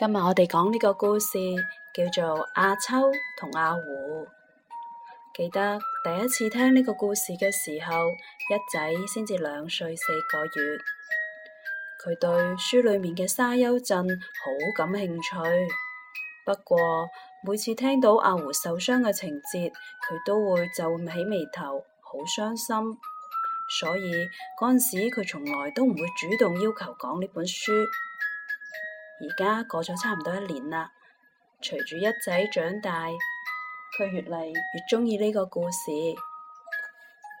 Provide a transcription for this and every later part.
今日我哋講呢個故事叫做《阿秋同阿狐》。記得第一次聽呢個故事嘅時候，一仔先至兩歲四個月，佢對書裏面嘅沙丘鎮好感興趣。不過每次聽到阿狐受傷嘅情節，佢都會皺起眉頭，好傷心。所以嗰陣時佢從來都唔會主動要求講呢本書。而家過咗差唔多一年啦，隨住一仔長大，佢越嚟越鍾意呢個故事。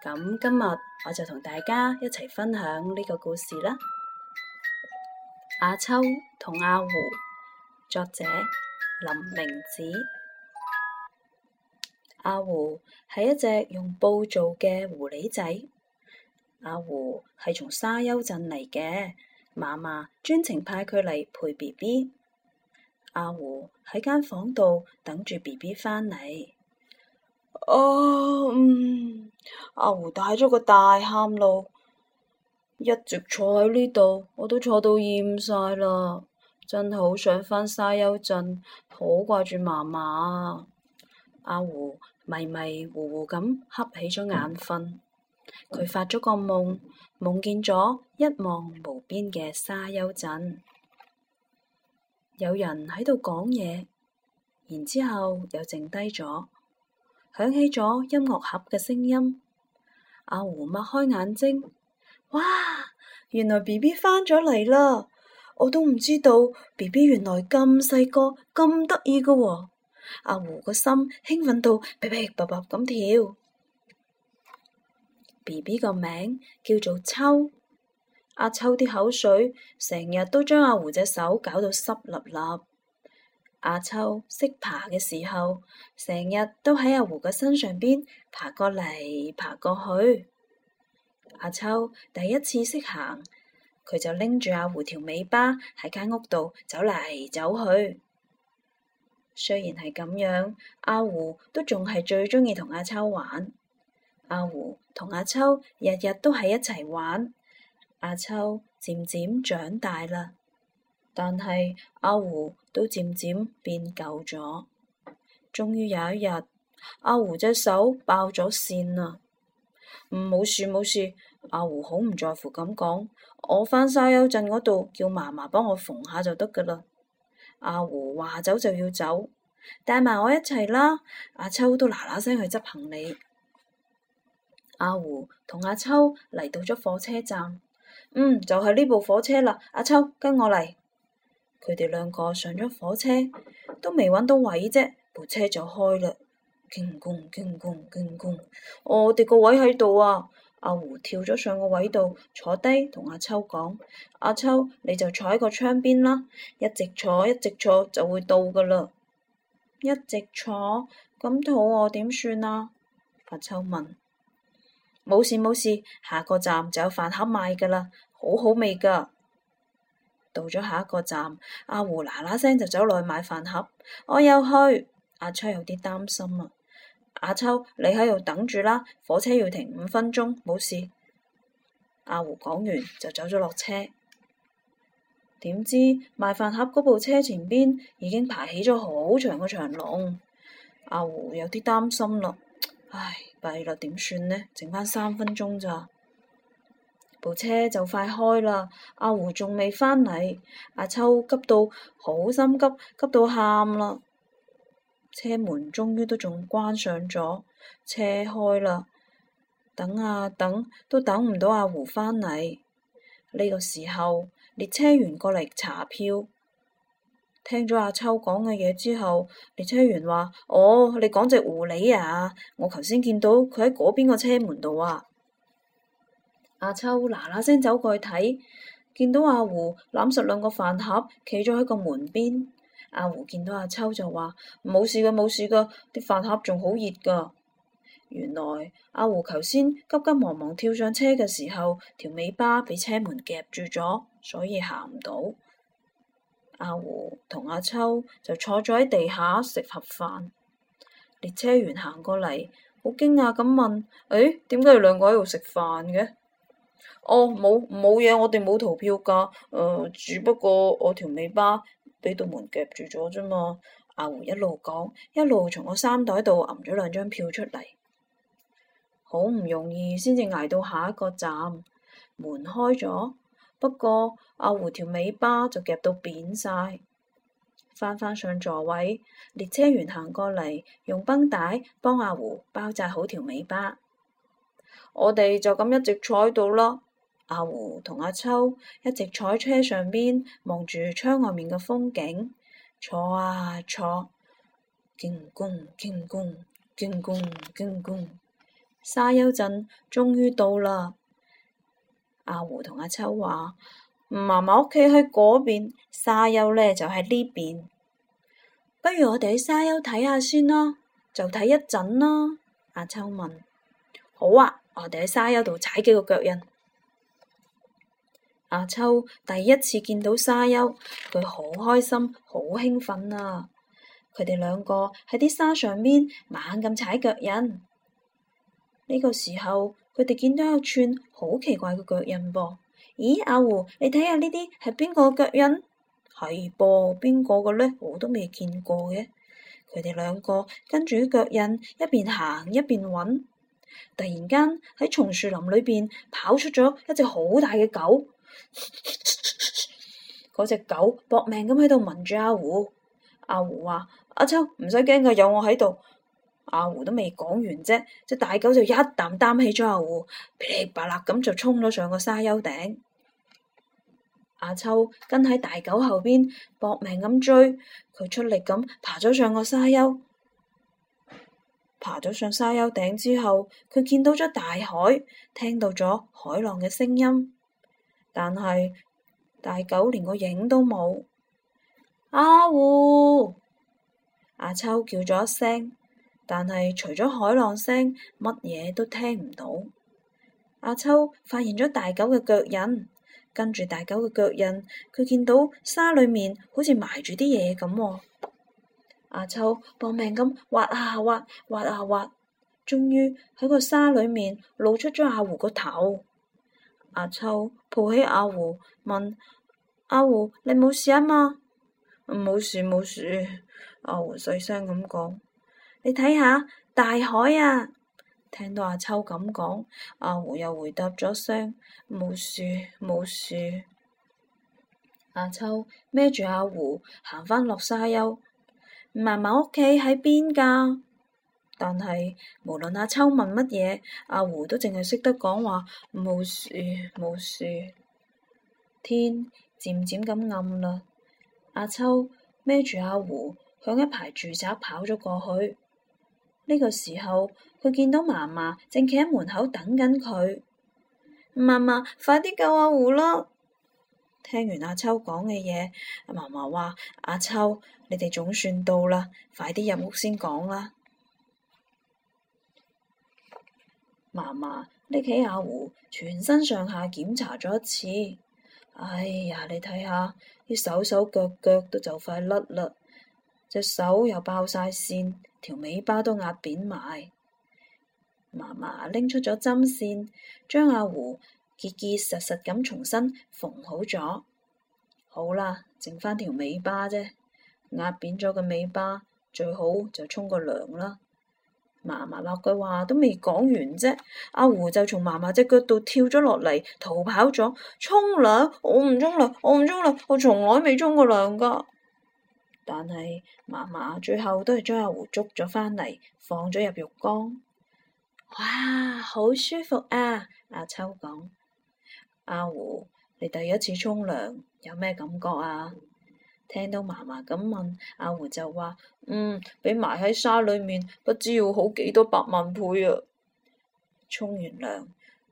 咁今日我就同大家一齊分享呢個故事啦。阿秋同阿狐，作者林明子。阿狐係一隻用布做嘅狐狸仔。阿狐係從沙丘鎮嚟嘅。嫲嫲專程派佢嚟陪 B B，阿胡喺間房度等住 B B 返嚟。啊，阿胡、哦嗯、帶咗個大喊路，一直坐喺呢度，我都坐到厭晒啦，真係好想返沙丘鎮，好掛住嫲嫲。阿胡迷迷糊糊咁瞌起咗眼瞓，佢發咗個夢。夢見咗一望無邊嘅沙丘鎮，有人喺度講嘢，然之後又靜低咗，響起咗音樂盒嘅聲音。阿胡擘開眼睛，哇！原來 B B 返咗嚟啦，我都唔知道 B B 原來咁細個咁得意嘅喎。阿胡個心興奮到噼噼啪啪咁跳。BB 個名叫做秋，阿秋啲口水成日都將阿狐隻手搞到濕立立。阿秋識爬嘅時候，成日都喺阿狐嘅身上邊爬過嚟爬過去。阿秋第一次識行，佢就拎住阿狐條尾巴喺間屋度走嚟走去。雖然係咁樣，阿狐都仲係最鍾意同阿秋玩。阿狐同阿秋日日都喺一齊玩，阿秋漸漸長大啦，但係阿狐都漸漸變舊咗。終於有一日，阿狐隻手爆咗線啦。唔，冇事冇事，阿狐好唔在乎咁講，我返沙丘鎮嗰度叫嫲嫲幫我縫下就得噶啦。阿狐話走就要走，帶埋我一齊啦。阿秋都嗱嗱聲去執行李。阿胡同阿秋嚟到咗火車站，嗯，就係呢部火車啦。阿秋跟我嚟，佢哋兩個上咗火車，都未揾到位啫，部車就開啦。驚公驚公驚公，我哋個位喺度啊！阿胡跳咗上個位度坐低，同阿秋講：阿秋，你就坐喺個窗邊啦，一直坐一直坐就會到噶啦。一直坐咁肚餓點算啊？阿秋問。冇事冇事，下個站就有飯盒賣噶啦，好好味噶。到咗下一個站，阿狐嗱嗱聲就走落去買飯盒。我又去，阿秋有啲擔心啦。阿秋，你喺度等住啦，火車要停五分鐘，冇事。阿狐講完就走咗落車。點知賣飯盒嗰部車前邊已經排起咗好長嘅長龍，阿狐有啲擔心啦。唉。弊啦，點算呢？剩翻三分鐘咋，部車就快開啦。阿狐仲未返嚟，阿秋急到好心急，急到喊啦。車門終於都仲關上咗，車開啦。等啊等，都等唔到阿狐返嚟。呢個時候，列車員過嚟查票。聽咗阿秋講嘅嘢之後，列車員話：哦，你講隻狐狸啊！我頭先見到佢喺嗰邊個車門度啊！阿秋嗱嗱聲走過去睇，見到阿胡攬實兩個飯盒，企咗喺個門邊。阿胡見到阿秋就話：冇事噶，冇事噶，啲飯盒仲好熱噶。原來阿胡頭先急急忙忙跳上車嘅時候，條尾巴俾車門夾住咗，所以行唔到。.阿狐同阿秋就坐咗喺地下食盒飯，列車員行過嚟，好驚訝咁問：誒、欸，點解你兩個喺度食飯嘅？哦，冇冇嘢，我哋冇逃票噶，誒、呃，只不過我條尾巴俾道門夾住咗啫嘛。阿狐一路講，一路從個衫袋度揞咗兩張票出嚟，好唔容易先至挨到下一個站，門開咗。不過，阿胡條尾巴就夾到扁晒，返返上座位。列車員行過嚟，用繃帶幫阿胡包紮好條尾巴。我哋就咁一直坐到咯。阿胡同阿秋一直坐車上邊，望住窗外面嘅風景，坐啊坐，傾公傾公傾公傾公，沙丘鎮終於到啦！阿狐同阿秋話：嫲嫲屋企喺嗰邊，沙丘咧就喺呢邊。不如我哋喺沙丘睇下先啦，就睇一陣啦。阿秋問：好啊，我哋喺沙丘度踩幾個腳印。阿秋第一次見到沙丘，佢好開心，好興奮啊！佢哋兩個喺啲沙上面猛咁踩腳印。呢個時候。佢哋見到一串好奇怪嘅腳印噃。咦，阿胡，你睇下呢啲係邊個嘅腳印？係噃，邊個嘅咧？我都未見過嘅。佢哋兩個跟住啲腳印，一邊行一邊揾。突然間喺松樹林裏邊跑出咗一隻好大嘅狗，嗰 隻狗搏命咁喺度聞住阿胡。阿胡話，阿秋唔使驚㗎，有我喺度。阿狐都未講完啫，隻大狗就一啖擔起咗阿狐，噼里啪啦咁就衝咗上個沙丘頂。阿秋跟喺大狗後邊搏命咁追，佢出力咁爬咗上個沙丘，爬咗上沙丘頂之後，佢見到咗大海，聽到咗海浪嘅聲音，但係大狗連個影都冇。阿狐，阿秋叫咗一聲。但係除咗海浪聲，乜嘢都聽唔到。阿秋發現咗大狗嘅腳印，跟住大狗嘅腳印，佢見到沙裏面好似埋住啲嘢咁。阿秋搏命咁挖啊挖，挖啊挖，終於喺個沙裏面露出咗阿狐個頭。阿秋抱起阿狐，問：阿狐，你冇事啊嘛？冇事，冇事，阿狐細聲咁講。你睇下大海啊！聽到阿秋咁講，阿胡又回答咗聲冇事冇事。阿秋孭住阿胡行返落沙丘，嫲嫲屋企喺邊噶？但係無論阿秋問乜嘢，阿胡都淨係識得講話冇事冇事。天漸漸咁暗啦，阿秋孭住阿胡向一排住宅跑咗過去。呢個時候，佢見到嫲嫲正企喺門口等緊佢。嫲嫲，快啲救阿狐咯！聽完阿秋講嘅嘢，嫲嫲話：阿秋，你哋總算到啦，快啲入屋先講啦。嫲嫲拎起阿狐，全身上下檢查咗一次。哎呀，你睇下啲手手腳腳都就快甩啦，隻手又爆晒線。條尾巴都壓扁埋，嫲嫲拎出咗針線，將阿胡結結實實咁重新縫好咗。好啦，剩翻條尾巴啫，壓扁咗個尾巴最好就沖個涼啦。嫲嫲落句話都未講完啫，阿胡就從嫲嫲隻腳度跳咗落嚟，逃跑咗。沖涼，我唔沖涼，我唔沖涼，我從來未沖過涼噶。但係嫲嫲最後都係將阿胡捉咗返嚟，放咗入浴缸。哇，好舒服啊！阿秋講：阿胡，你第一次沖涼有咩感覺啊？聽到嫲嫲咁問，阿胡就話：嗯，比埋喺沙裏面不知要好幾多百萬倍啊！沖完涼，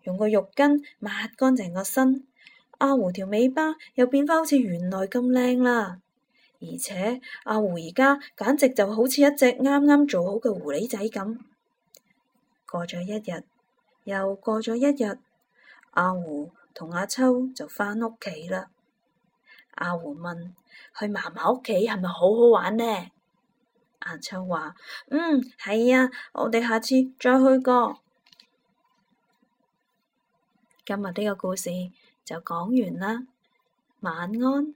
用個浴巾抹乾淨個身，阿胡條尾巴又變返好似原來咁靚啦。而且阿狐而家簡直就好似一隻啱啱做好嘅狐狸仔咁。過咗一日，又過咗一日，阿狐同阿秋就返屋企啦。阿狐問：去嫲嫲屋企係咪好好玩呢？阿秋話：嗯，係啊，我哋下次再去過。今日呢個故事就講完啦。晚安。